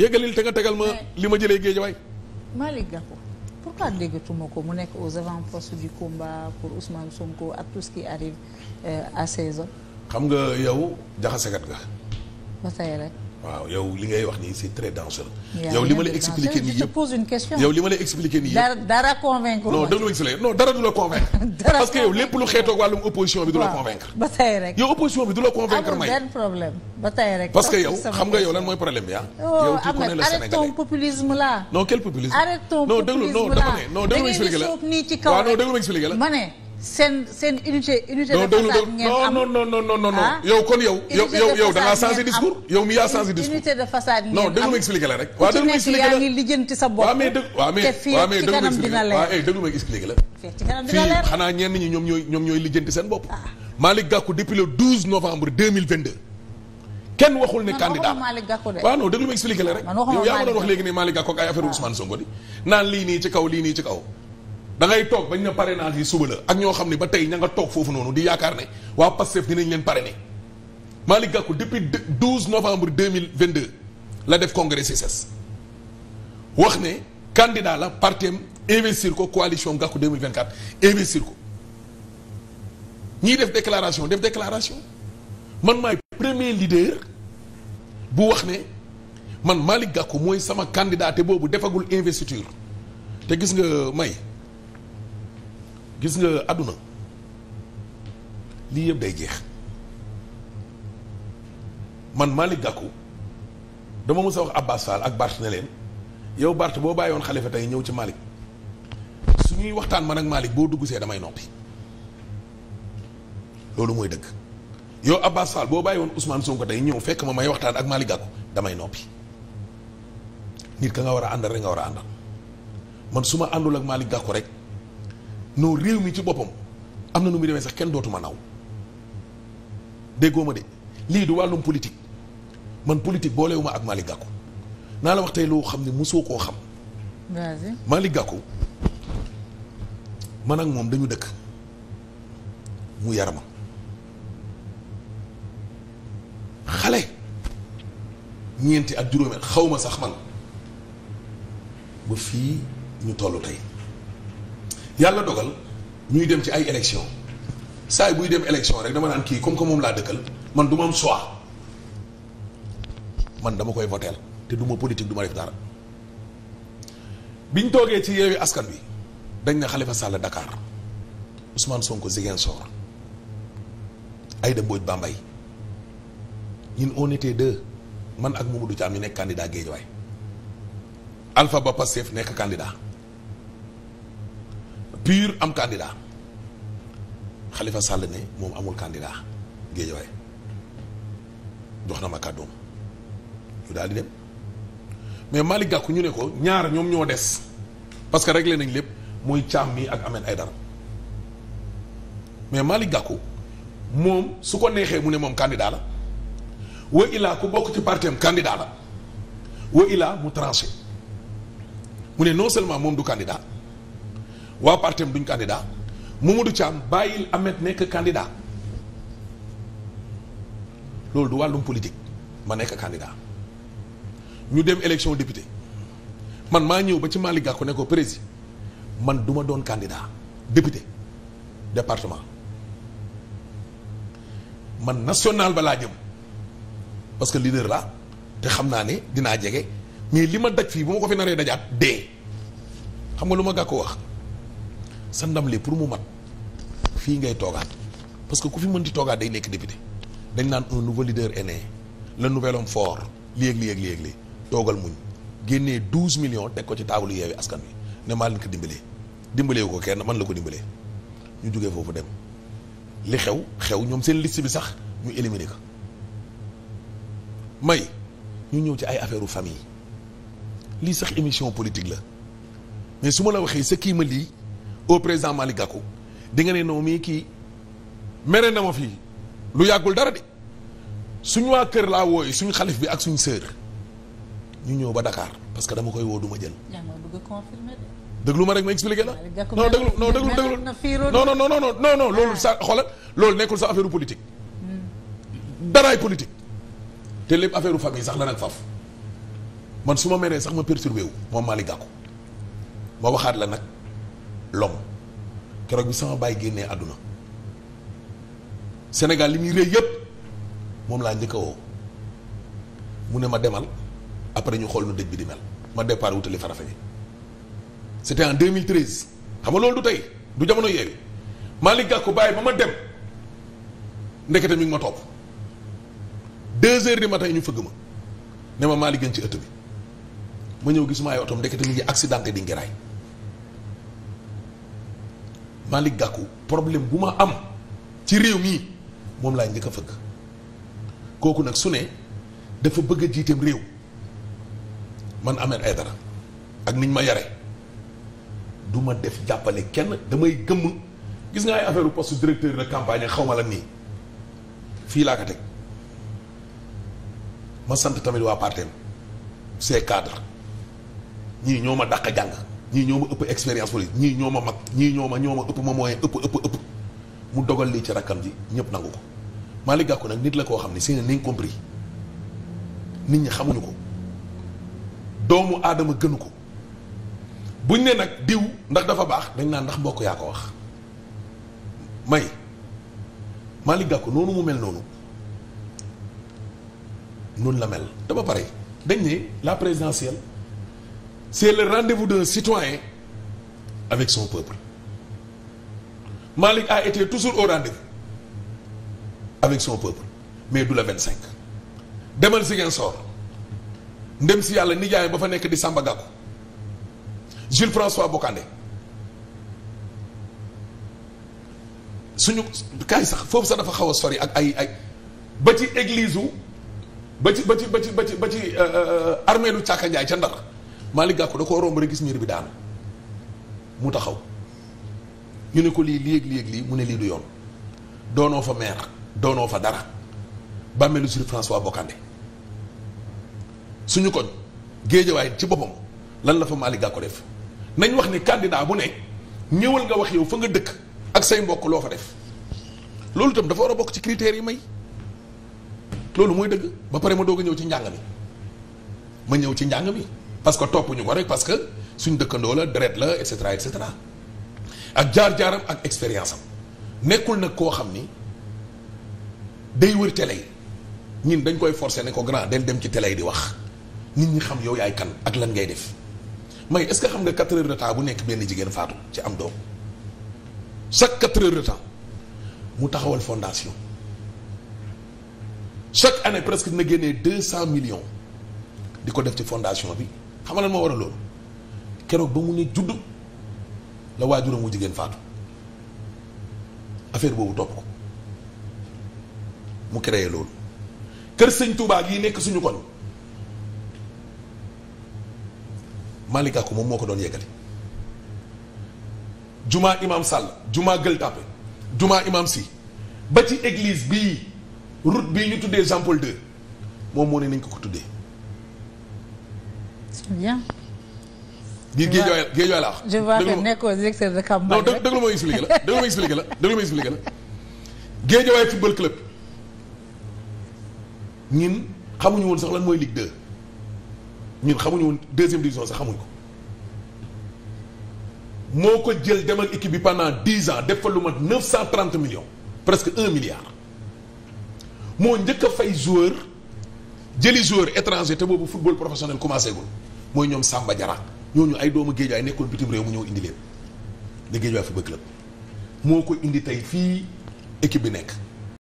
yëgalil te nga tegal ma li ma jëlee géej waay. Malick Gakou pourquoi déggatuma ko mu nekk aux avant-postes du combat pour Ousmane Sonko ak tout ce arrive euh, à ses xam nga yow jaxasekat nga. ba tey rek. waaw yow li ngay wax nii c'est très dangereux. yow li ma lay expliquer nii dara convaincre non dara du la parce que yow lépp lu xeetoog wàllum opposition bi du la convaincre. ba tey rek opposition bi du la convaincre may. amul parce que yow xam nga mooy problème bi ah. Oh, yow tu connais le ton populisme là. non quel populisme. la. non déglu ma la ma seen seen unité unité de façade ngeen am non non non non non non ah? yow kon yow. yow yow changé discours yow mi yaa changé discours unité de façade ma expliqué la rek. waaw dëgg waaw ma expliqué la eh, fii xanaa ñenn ñi ñoom ñooy ñoom ñooy lijjanti seen bopp. Ah. Malick Gakou depuis le 12 novembre 2022. kenn waxul ne candidat waaw non déglu ma expliqué la rek. yaa ma doon wax léegi ne Malick Gakou ak ay affaire Ousmane Sonko di naan lii nii ci kaw lii nii ci kaw da ngay toog bañ na parrainage yi suba la ak ñoo xam ne ba tey ña nga toog foofu noonu di yaakaar ne waa Pastef dinañ leen parrainer Malick Gakou depuis 12 novembre 2022 la def congrès CCS wax ne candidat la partem investir ko coalition Gakou 2024 investir ko ñi def déclaration def déclaration man maay premier leader bu wax ne man Malick Gakou mooy sama candidat te boobu defagul investiture te gis nga may gis nga àdduna lii yëpp day jeex man Malick Gakou dama mës a wax Abbas ak Bart ne leen yow Bart boo bàyyi woon xalifa tey ñëw ci Malick su ñuy waxtaan man ak Malick boo dugg see damay noppi loolu mooy dëgg yow Abbas Fall boo bàyyi woon Ousmane Sonko tey ñëw fekk ma may waxtaan ak Malick Gakou damay noppi nit ka nga war a àndal rek nga war a àndal man su ma àndul ak Malick Gakou rek. non réew mi ci boppam am na nu muy demee sax kenn dootuma naw déggoo ma de lii du wàllum politik man politique boolewuma ak Malick Gakou naa la wax tey loo xam ne mosoo koo xam. vas-y Malick man ak moom dañu dëkk mu yarama xale ñeenti ak juróomi xaw ma sax man ba fii ñu tollu tey. yàlla dogal ñuy dem ci ay élection saa yi buy dem élection rek dama naan kii comme que moom laa dëkkal man du ma am choix man dama koy voteel te du ma politique du def dara biñ toogee ci yeewi askan wi dañ na Khalifa Sall Dakar Ousmane Sonko Ziguinchor Aïda Mbodj Bambey ñun on était de man ak Mamadou am ñu nekk candidat Guédiawaye Alpha Ba Pastef nekk candidat pur am candidat xalifa Sall ne moom amul candidat Guédiawaye jox na ma kàddoom ñu daal di dem mais Malick Gakou ñu ne ko ñaar ñoom ñoo des parce que réglé nañ lépp mooy caam mi ak ay dara mais Malick Gakou moom su ko neexee mu ne moom candidat la wa ilaa ku bokk ci parti am candidat la wa ilaa mu tranché mu ne non seulement moom du candidat waa partem duñ candidat Mamadou Thiam bàyyil Ahmed nekk candidat loolu du wàllum politique ma nekk candidat ñu dem élection député man maa ñëw ba ci Malick Gakou ne ko président man du ma doon candidat député département man national ba laa jëm parce que leader la te xam naa ne dinaa jege mais li ma daj fii bu ma ko fi naree dajaat dee xam nga lu ma Gakou wax sa ndam li pour mu mat fii ngay toogaat parce que ku fi mën di toogaat day nekk député dañ naan un nouveau leader est né le nouvel homme fort léeg léeg léeg léeg toogal muñ génnee douze millions teg ko ci taabalu yeewi askan wi ne maa leen ko dimbalee dimbalee ko kenn man la ko dimbalee ñu jógee foofu dem li xew xew ñoom seen liste bi sax ñu éliminer ko may ñu ñëw ci ay affaire famille lii sax émission politique la mais su ma la waxee sa kii lii au président Malick Gakou di nga ne noo mii kii mere na ma fii lu yàggul dara de suñu waa kër laa wooyu suñu xalif bi ak suñu sœur ñu ñëw ba dakaar parce que dama koy woo du ma jël. lu ma rek ma expliqué la. non déglu non déglu déglu non non non non non non loolu sa xoolal loolu nekkul sa affaire politique. daraay politique. te lépp affaire famille sax la nag faf man su ma meree sax ma perturbé wu moom Malick Gakou ma waxaat la nag. l'homme keroog bi sama bàyyi génnee àdduna Sénégal li muy réy yëpp moom laa njëkk a woo mu ne ma demal après ñu xool nu dëj bi di mel ma départ wutali farafe yi c'était en 2013 xam nga loolu du tey du jamono yeewi Malick Gakou bàyyi ba ma dem ndekete mi ngi ma topp deux heures ma matin ñu fëgg ma ne ma Malick gën ci ëtt bi ma ñëw gis ma ay otom ndekete mi ngi accidenté di Malick Gakou problème bu ma am ci réew mii moom laa njëkk a fëgg kooku nag su ne dafa bëgg a jiiteem réew man ay dara ak niñ ma yare du ma def jàppale kenn damay gëmm gis nga ay affaire poste directeur de campagne xaw ma la nii fii laa ko teg ma sant tamit waa parteem ses cadres ñii ñoo ma dàq jàng ñii ñoo ma ëpp expérience politique ñii ñoo ma mag ñii ñoo ma ñoo ma ëpp ma moyen ëpp ëpp ëpp mu dogal lii ci rakkam ji ñëpp nangu ko Malick Gakou nag nit la koo xam ne c'est un incompris nit ñi xamuñu ko doomu aadama gënu ko buñ ne nag diw ndax dafa baax dañ naan ndax mbokk yaa ko wax may Malick Gakou noonu mu mel noonu noonu la mel te ba pare dañ ne la présidentielle c'est le rendez-vous d'un citoyen avec son peuple Malick a été toujours au rendez-vous avec son peuple mais du la cinq demal Ziguinchor ndem si yàlla nijaay ba fa nekk di Samba Gakou Jules François Bocandé suñu kaay sax foofu sax dafa xaw a sori ak ay ay ba ci église wu ba ci ba ci ba ci ba ci ba ci euh, euh, armée ca Ndar Malick Gakou da koo romb rek gis miir bi daanu mu taxaw ñu ne ko lii léeg yéeg lii mu ne lii du yoon doonoo fa maire doonoo fa dara bàmmeelu sur François Bocandé suñu koñ géejawaay ci boppam lan la fa Malick Gakou def nañ wax ni candidat bu ne ñëwal nga wax yow fa nga dëkk ak say mbokk loo fa def loolu tam dafa war a bokk ci critères yi may loolu mooy dëgg ba pare ma doog a ñëw ci njàng mi ma ñëw ci njàng mi parce que toppuñu ko rek parce que suñ dëkkandoo la deret la et cetera et ak jaar-jaaram ak expérience am nekkul nag koo xam ni day wër télé yi ñun dañ koy forcer ne ko grand del dem ci télé yi di wax nit ñi xam yow yaay kan ak lan ngay def may est-ce que xam nga quatre heures de temps bu nekk benn jigéen faatu ci am doom chaque quatre de temps mu taxawal fondation chaque année presque dina génnee deux cent millions di ko def ci fondation bi xam nga lan moo a loolu keroog ba mu ne judd la waajuram wu jigéen faatu affaire boobu topp ko mu créé loolu kër sëñ Touba gii nekk suñu koñ Malika ko moom moo ko doon yeggali jumaa imam Sall jumaa Gueule Tapée jumaa imam si ba ci église bii route bii ñu tuddee Jean Paul II moom moo ne nañ ko ko tuddee c'est bien. gii gii jooy gii jooy laax. je vois que nekkoo directeur de campagne non dëgg dëgg la ma expliqué la la ma expliqué la. club ñun xamuñu woon sax lan mooy Ligue 2 ñun xamuñu woon deuxième division sax xamuñ ko moo ko jël demal équipe bi pendant dix ans def fa lu mat neuf cent trente million presque un milliard moo njëkk a fay joueur. jëli joueur étranger te boobu football professionnel commencé gul mooy ñoom Samba Jara ñooñu ay doomu Géejawaay nekkoon bitim réew mu ñëw indi leen da Géejawaay football club moo ko indi tey fii équipe bi nekk